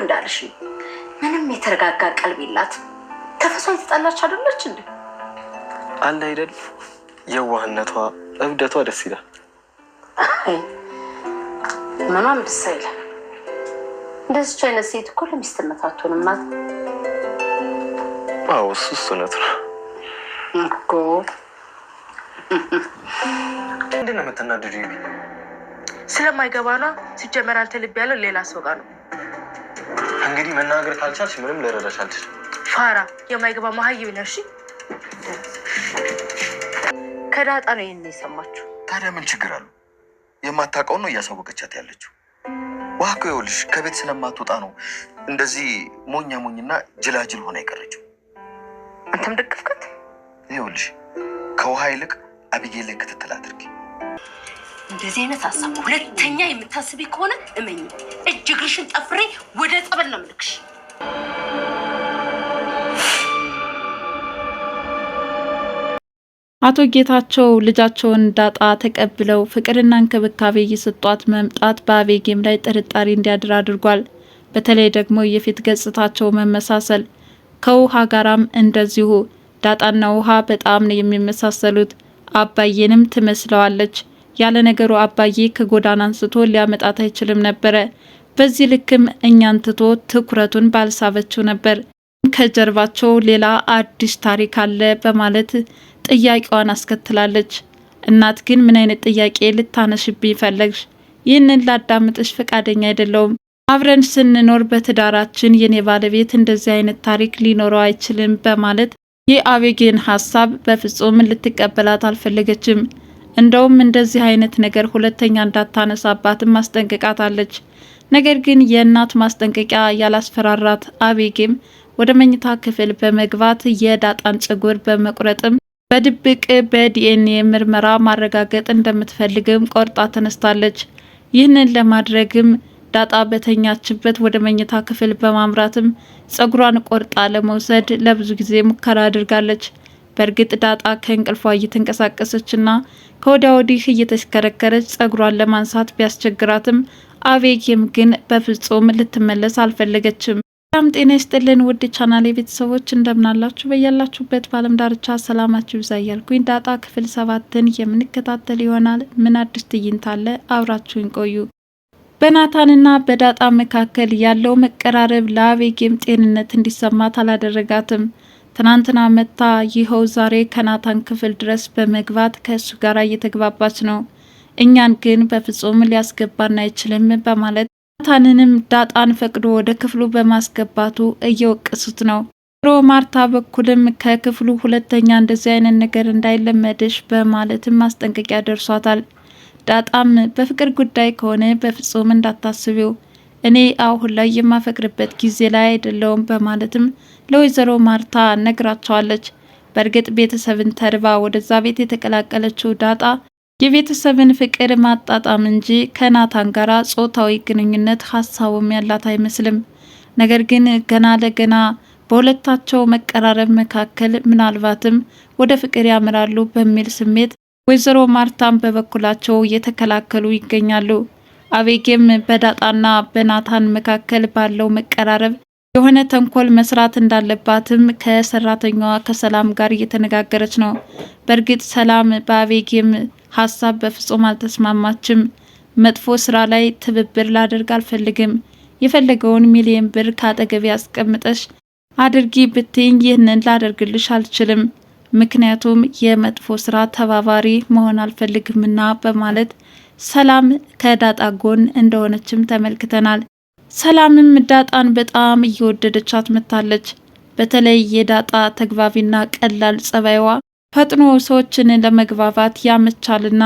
እንዳልሽ ነው። ምንም የተረጋጋ ቀልብ ይላት ተፈሷ የተጣላች አደለች እንዴ? አለ አይደል? የዋህነቷ እብደቷ ደስ ይላል። ምኗም ደስ አይላል። እንደዚች አይነት ሴት እኮ ለሚስትነት አትሆንም። አዎ እሱ እውነት ነው እኮ። ምንድን ነው የምትናደጂው? ስለማይገባ ነዋ። ሲጀመር አንተ ልብ ያለው ሌላ ሰው ጋር ነው። እንግዲህ መናገር ካልቻልሽ ምንም ልረዳሽ አልችልም። ፋራ የማይገባ መሀይም ነሽ። ከዳጣ ነው ይህን የሰማችሁ። ታዲያ ምን ችግር አለው? የማታቀው ነው እያሳወቀቻት ያለችው። ውሃ እኮ ይኸውልሽ ከቤት ስለማትወጣ ነው እንደዚህ ሞኛ ሞኝና ጅላጅል ሆና የቀረችው። አንተም ደግፍከት። ይኸውልሽ ከውሃ ይልቅ አብዬ ላይ ክትትል አድርጌ እንደዚህ አይነት ሀሳብ ሁለተኛ የምታስቢ ከሆነ እመኝ ጠፍሬ ወደ ጸበል ነው አቶ ጌታቸው ልጃቸውን ዳጣ ተቀብለው ፍቅርና እንክብካቤ እየሰጧት መምጣት በአቤጌም ላይ ጥርጣሬ እንዲያድር አድርጓል። በተለይ ደግሞ የፊት ገጽታቸው መመሳሰል ከውሃ ጋራም እንደዚሁ ዳጣና ውሃ በጣም ነው የሚመሳሰሉት። አባዬንም ትመስለዋለች። ያለ ነገሩ አባዬ ከጎዳና አንስቶ ሊያመጣት አይችልም ነበረ። በዚህ ልክም እኛን ትቶ ትኩረቱን ባልሳበችው ነበር። ከጀርባቸው ሌላ አዲስ ታሪክ አለ በማለት ጥያቄዋን አስከትላለች። እናት ግን ምን አይነት ጥያቄ ልታነሽብኝ ፈለግሽ? ይህንን ላዳምጥሽ ፈቃደኛ አይደለውም። አብረን ስንኖር በትዳራችን የኔ ባለቤት እንደዚህ አይነት ታሪክ ሊኖረው አይችልም በማለት የአቤጌን ሀሳብ በፍጹም ልትቀበላት አልፈለገችም። እንደውም እንደዚህ አይነት ነገር ሁለተኛ እንዳታነሳባትም ማስጠንቀቃታለች። ነገር ግን የእናት ማስጠንቀቂያ ያላስፈራራት አቤጌም ወደ መኝታ ክፍል በመግባት የዳጣን ጸጉር በመቁረጥም በድብቅ በዲኤንኤ ምርመራ ማረጋገጥ እንደምትፈልግም ቆርጣ ተነስታለች። ይህንን ለማድረግም ዳጣ በተኛችበት ወደ መኝታ ክፍል በማምራትም ጸጉሯን ቆርጣ ለመውሰድ ለብዙ ጊዜ ሙከራ አድርጋለች። በእርግጥ ዳጣ ከእንቅልፏ እየተንቀሳቀሰችና ከወዲያ ወዲህ እየተሽከረከረች ጸጉሯን ለማንሳት ቢያስቸግራትም አቤጌም ግን በፍጹም ልትመለስ አልፈለገችም። ሰላም ጤና ይስጥልን ውድ ቻናል የቤተሰቦች እንደምናላችሁ በያላችሁበት በዓለም ዳርቻ ሰላማችሁ ይብዛ እያልኩኝ ዳጣ ክፍል ሰባትን የምንከታተል ይሆናል። ምን አዲስ ትዕይንት አለ? አብራችሁን ቆዩ። በናታንና በዳጣ መካከል ያለው መቀራረብ ለአቤጌም ጤንነት እንዲሰማት አላደረጋትም። ትናንትና መታ ይኸው ዛሬ ከናታን ክፍል ድረስ በመግባት ከእሱ ጋር እየተግባባች ነው። እኛን ግን በፍጹም ሊያስገባን አይችልም በማለት ናታንንም ዳጣን ፈቅዶ ወደ ክፍሉ በማስገባቱ እየወቀሱት ነው። ሮ ማርታ በኩልም ከክፍሉ ሁለተኛ እንደዚህ አይነት ነገር እንዳይለመድሽ በማለትም ማስጠንቀቂያ ደርሷታል። ዳጣም በፍቅር ጉዳይ ከሆነ በፍጹም እንዳታስቢው እኔ አሁን ላይ የማፈቅርበት ጊዜ ላይ አይደለውም በማለትም ለወይዘሮ ማርታ ነግራቸዋለች። በእርግጥ ቤተሰብን ተርባ ወደዛ ቤት የተቀላቀለችው ዳጣ የቤተሰብን ፍቅር ማጣጣም እንጂ ከናታን ጋራ ጾታዊ ግንኙነት ሀሳቡም ያላት አይመስልም። ነገር ግን ገና ለገና በሁለታቸው መቀራረብ መካከል ምናልባትም ወደ ፍቅር ያምራሉ በሚል ስሜት ወይዘሮ ማርታን በበኩላቸው እየተከላከሉ ይገኛሉ። አቤጌም በዳጣና በናታን መካከል ባለው መቀራረብ የሆነ ተንኮል መስራት እንዳለባትም ከሰራተኛዋ ከሰላም ጋር እየተነጋገረች ነው። በእርግጥ ሰላም በአቤጌም ሀሳብ በፍጹም አልተስማማችም። መጥፎ ስራ ላይ ትብብር ላደርግ አልፈልግም። የፈለገውን ሚሊዮን ብር ከአጠገቤ ያስቀምጠሽ አድርጊ ብትኝ ይህንን ላደርግልሽ አልችልም፣ ምክንያቱም የመጥፎ ስራ ተባባሪ መሆን አልፈልግምና በማለት ሰላም ከዳጣ ጎን እንደሆነችም ተመልክተናል። ሰላምም ዳጣን በጣም እየወደደቻት መታለች። በተለይ የዳጣ ተግባቢና ቀላል ጸባይዋ ፈጥኖ ሰዎችን ለመግባባት ያመቻልና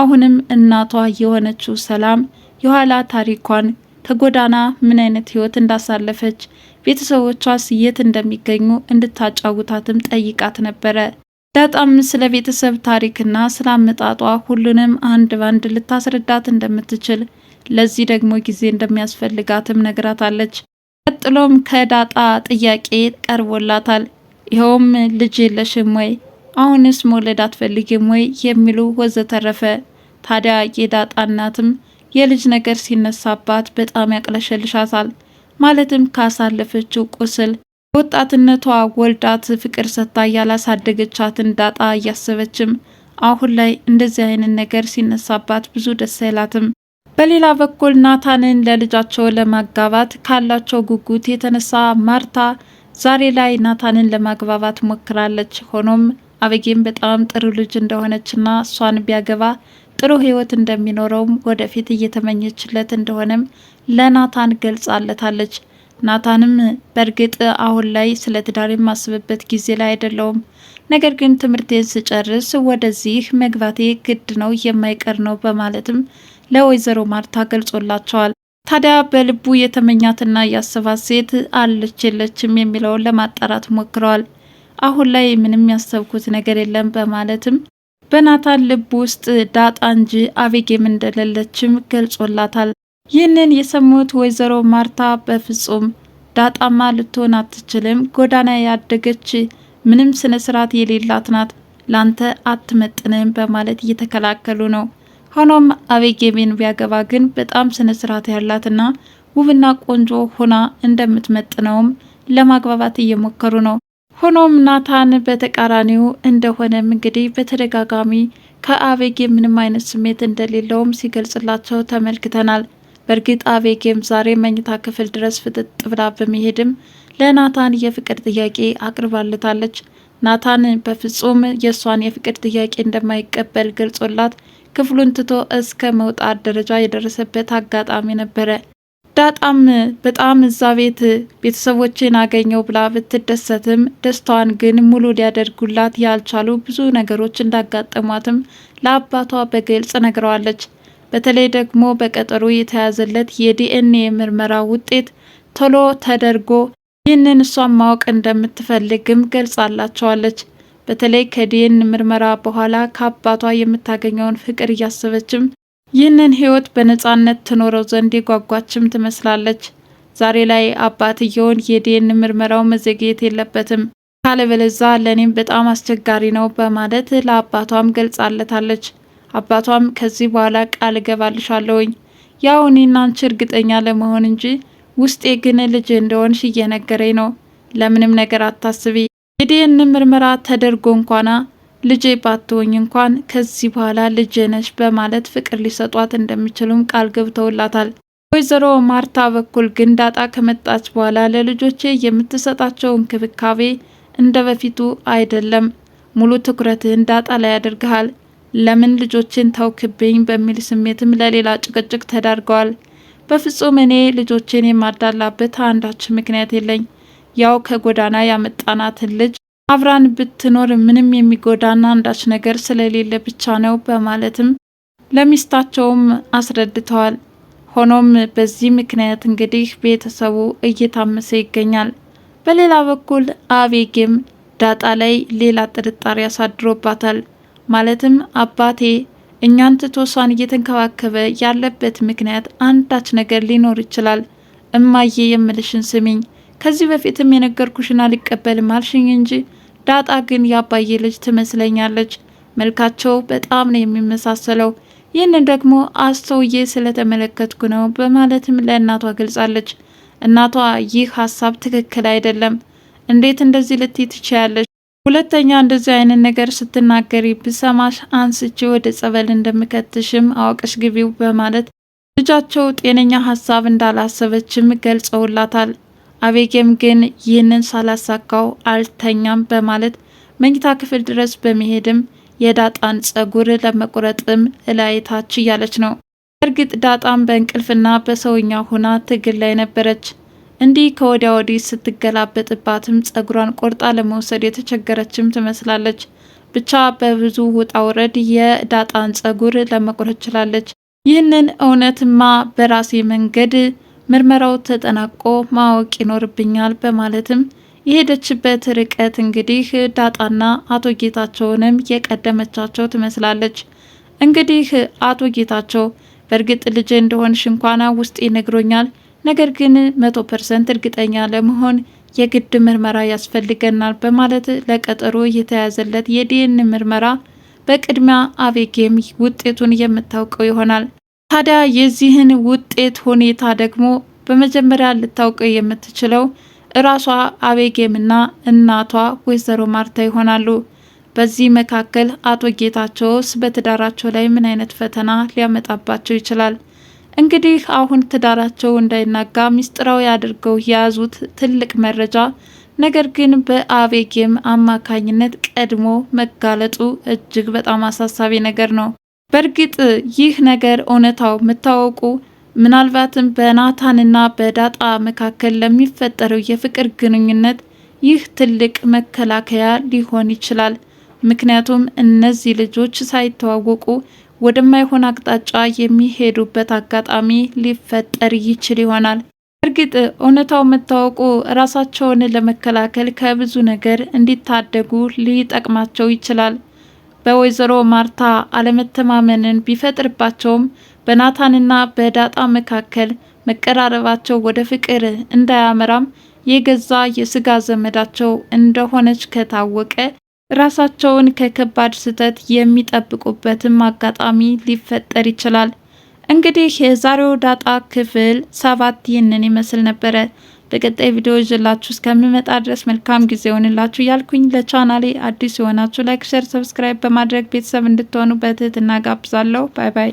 አሁንም እናቷ የሆነችው ሰላም የኋላ ታሪኳን ከጎዳና ምን አይነት ህይወት እንዳሳለፈች ቤተሰቦቿስ የት እንደሚገኙ እንድታጫውታትም ጠይቃት ነበረ። ዳጣም ስለ ቤተሰብ ታሪክና ስለ አመጣጧ ሁሉንም አንድ ባንድ ልታስረዳት እንደምትችል ለዚህ ደግሞ ጊዜ እንደሚያስፈልጋትም ነግራታለች። ቀጥሎም ከዳጣ ጥያቄ ቀርቦላታል። ይኸውም ልጅ የለሽም ወይ? አሁንስ መውለድ አትፈልግም ወይ? የሚሉ ወዘተረፈ። ታዲያ የዳጣ እናትም የልጅ ነገር ሲነሳባት በጣም ያቅለሸልሻታል። ማለትም ካሳለፈችው ቁስል ወጣትነቷ ወልዳት ፍቅር ሰጥታ ያላሳደገቻትን ዳጣ እያሰበችም አሁን ላይ እንደዚህ አይነት ነገር ሲነሳባት ብዙ ደስ አይላትም። በሌላ በኩል ናታንን ለልጃቸው ለማጋባት ካላቸው ጉጉት የተነሳ ማርታ ዛሬ ላይ ናታንን ለማግባባት ሞክራለች። ሆኖም አበጌም በጣም ጥሩ ልጅ እንደሆነችና እሷን ቢያገባ ጥሩ ሕይወት እንደሚኖረውም ወደፊት እየተመኘችለት እንደሆነም ለናታን ገልጻለታለች። ናታንም በእርግጥ አሁን ላይ ስለ ትዳር የማስብበት ጊዜ ላይ አይደለውም፣ ነገር ግን ትምህርቴን ስጨርስ ወደዚህ መግባቴ ግድ ነው የማይቀር ነው በማለትም ለወይዘሮ ማርታ ገልጾላቸዋል። ታዲያ በልቡ የተመኛትና ያሰባት ሴት አለች የለችም የሚለውን ለማጣራት ሞክረዋል። አሁን ላይ ምንም ያሰብኩት ነገር የለም በማለትም በናታን ልብ ውስጥ ዳጣ እንጂ አቤጌም እንደሌለችም ገልጾላታል። ይህንን የሰሙት ወይዘሮ ማርታ በፍጹም ዳጣማ ልትሆን አትችልም፣ ጎዳና ያደገች ምንም ስነ ስርዓት የሌላት ናት፣ ላንተ አትመጥንም በማለት እየተከላከሉ ነው። ሆኖም አቤጌሜን ቢያገባ ግን በጣም ስነ ስርዓት ያላትና ውብና ቆንጆ ሆና እንደምትመጥነውም ለማግባባት እየሞከሩ ነው። ሆኖም ናታን በተቃራኒው እንደሆነም እንግዲህ በተደጋጋሚ ከአቤጌ ምንም አይነት ስሜት እንደሌለውም ሲገልጽላቸው ተመልክተናል። በእርግጥ አቤጌም ዛሬ መኝታ ክፍል ድረስ ፍጥጥ ብላ በመሄድም ለናታን የፍቅር ጥያቄ አቅርባለታለች። ናታን በፍጹም የእሷን የፍቅር ጥያቄ እንደማይቀበል ገልጾላት ክፍሉን ትቶ እስከ መውጣት ደረጃ የደረሰበት አጋጣሚ ነበረ። ዳጣም በጣም እዛ ቤት ቤተሰቦችን አገኘው ብላ ብትደሰትም ደስታዋን ግን ሙሉ ሊያደርጉላት ያልቻሉ ብዙ ነገሮች እንዳጋጠሟትም ለአባቷ በግልጽ ነግረዋለች። በተለይ ደግሞ በቀጠሮ የተያዘለት የዲኤንኤ ምርመራ ውጤት ቶሎ ተደርጎ ይህንን እሷን ማወቅ እንደምትፈልግም ገልጻላቸዋለች። በተለይ ከዲኤን ምርመራ በኋላ ከአባቷ የምታገኘውን ፍቅር እያሰበችም ይህንን ህይወት በነፃነት ትኖረው ዘንድ የጓጓችም ትመስላለች። ዛሬ ላይ አባትየውን የዲኤን ምርመራው መዘግየት የለበትም ካለበለዛ ለእኔም በጣም አስቸጋሪ ነው በማለት ለአባቷም ገልጻለታለች። አባቷም ከዚህ በኋላ ቃል እገባልሻለሁኝ ያው እኔና አንቺ እርግጠኛ ለመሆን እንጂ ውስጤ ግን ልጅ እንደሆንሽ እየነገረኝ ነው። ለምንም ነገር አታስቢ። የዲኤን ምርመራ ተደርጎ እንኳና ልጄ ባትሆኝ እንኳን ከዚህ በኋላ ልጄ ነሽ በማለት ፍቅር ሊሰጧት እንደሚችሉም ቃል ገብተውላታል። ወይዘሮ ማርታ በኩል ግን ዳጣ ከመጣች በኋላ ለልጆቼ የምትሰጣቸው እንክብካቤ እንደ በፊቱ አይደለም። ሙሉ ትኩረትህን ዳጣ ላይ ያደርግሃል። ለምን ልጆችን ታውክብኝ በሚል ስሜትም ለሌላ ጭቅጭቅ ተዳርገዋል። በፍጹም እኔ ልጆችን የማዳላበት አንዳች ምክንያት የለኝ። ያው ከጎዳና ያመጣናትን ልጅ አብራን ብትኖር ምንም የሚጎዳና አንዳች ነገር ስለሌለ ብቻ ነው በማለትም ለሚስታቸውም አስረድተዋል። ሆኖም በዚህ ምክንያት እንግዲህ ቤተሰቡ እየታመሰ ይገኛል። በሌላ በኩል አቤጌም ዳጣ ላይ ሌላ ጥርጣሬ አሳድሮባታል። ማለትም አባቴ እኛን ትቶ እሷን እየተንከባከበ ያለበት ምክንያት አንዳች ነገር ሊኖር ይችላል። እማዬ የምልሽን ስሚኝ፣ ከዚህ በፊትም የነገርኩሽን አልቀበልም አልሽኝ እንጂ ዳጣ ግን የአባዬ ልጅ ትመስለኛለች። መልካቸው በጣም ነው የሚመሳሰለው። ይህንን ደግሞ አስተውዬ ስለተመለከትኩ ነው በማለትም ለእናቷ ገልጻለች። እናቷ ይህ ሀሳብ ትክክል አይደለም፣ እንዴት እንደዚህ ልትይ ትችያለች? ሁለተኛ እንደዚህ አይነት ነገር ስትናገሪ ብሰማሽ አንስቼ ወደ ጸበል እንደምከትሽም አውቀሽ ግቢው በማለት ልጃቸው ጤነኛ ሀሳብ እንዳላሰበችም ገልጸውላታል። አቤጌም ግን ይህንን ሳላሳካው አልተኛም በማለት መኝታ ክፍል ድረስ በመሄድም የዳጣን ጸጉር ለመቁረጥም እላይታች እያለች ነው። እርግጥ ዳጣም በእንቅልፍና በሰውኛ ሆና ትግል ላይ ነበረች። እንዲህ ከወዲያ ወዲህ ስትገላበጥባትም ጸጉሯን ቆርጣ ለመውሰድ የተቸገረችም ትመስላለች። ብቻ በብዙ ውጣ ውረድ የዳጣን ጸጉር ለመቁረጥ ችላለች። ይህንን እውነትማ በራሴ መንገድ ምርመራው ተጠናቆ ማወቅ ይኖርብኛል በማለትም የሄደችበት ርቀት እንግዲህ ዳጣና አቶ ጌታቸውንም የቀደመቻቸው ትመስላለች። እንግዲህ አቶ ጌታቸው በእርግጥ ልጄ እንደሆንሽ እንኳና ውስጤ ነግሮኛል ነገር ግን መቶ ፐርሰንት እርግጠኛ ለመሆን የግድ ምርመራ ያስፈልገናል በማለት ለቀጠሮ የተያዘለት የዲኤን ምርመራ በቅድሚያ አቤጌም ውጤቱን የምታውቀው ይሆናል። ታዲያ የዚህን ውጤት ሁኔታ ደግሞ በመጀመሪያ ልታውቀው የምትችለው እራሷ አቤጌምና እናቷ ወይዘሮ ማርታ ይሆናሉ። በዚህ መካከል አቶ ጌታቸውስ በትዳራቸው ላይ ምን አይነት ፈተና ሊያመጣባቸው ይችላል? እንግዲህ አሁን ትዳራቸው እንዳይናጋ ሚስጥራዊ አድርገው የያዙት ትልቅ መረጃ ነገር ግን በአቤጌም አማካኝነት ቀድሞ መጋለጡ እጅግ በጣም አሳሳቢ ነገር ነው። በእርግጥ ይህ ነገር እውነታው የምታወቁ ምናልባትም በናታንና በዳጣ መካከል ለሚፈጠረው የፍቅር ግንኙነት ይህ ትልቅ መከላከያ ሊሆን ይችላል። ምክንያቱም እነዚህ ልጆች ሳይተዋወቁ ወደማይሆን አቅጣጫ የሚሄዱበት አጋጣሚ ሊፈጠር ይችል ይሆናል። እርግጥ እውነታው መታወቁ ራሳቸውን ለመከላከል ከብዙ ነገር እንዲታደጉ ሊጠቅማቸው ይችላል። በወይዘሮ ማርታ አለመተማመንን ቢፈጥርባቸውም በናታንና በዳጣ መካከል መቀራረባቸው ወደ ፍቅር እንዳያመራም የገዛ የስጋ ዘመዳቸው እንደሆነች ከታወቀ ራሳቸውን ከከባድ ስህተት የሚጠብቁበትም አጋጣሚ ሊፈጠር ይችላል። እንግዲህ የዛሬው ዳጣ ክፍል ሰባት ይህንን ይመስል ነበረ። በቀጣይ ቪዲዮ ይዤላችሁ እስከምመጣ ድረስ መልካም ጊዜ ሆንላችሁ እያልኩኝ ለቻናሌ አዲስ የሆናችሁ ላይክ፣ ሸር፣ ሰብስክራይብ በማድረግ ቤተሰብ እንድትሆኑ በትህትና ጋብዛለሁ። ባይ ባይ።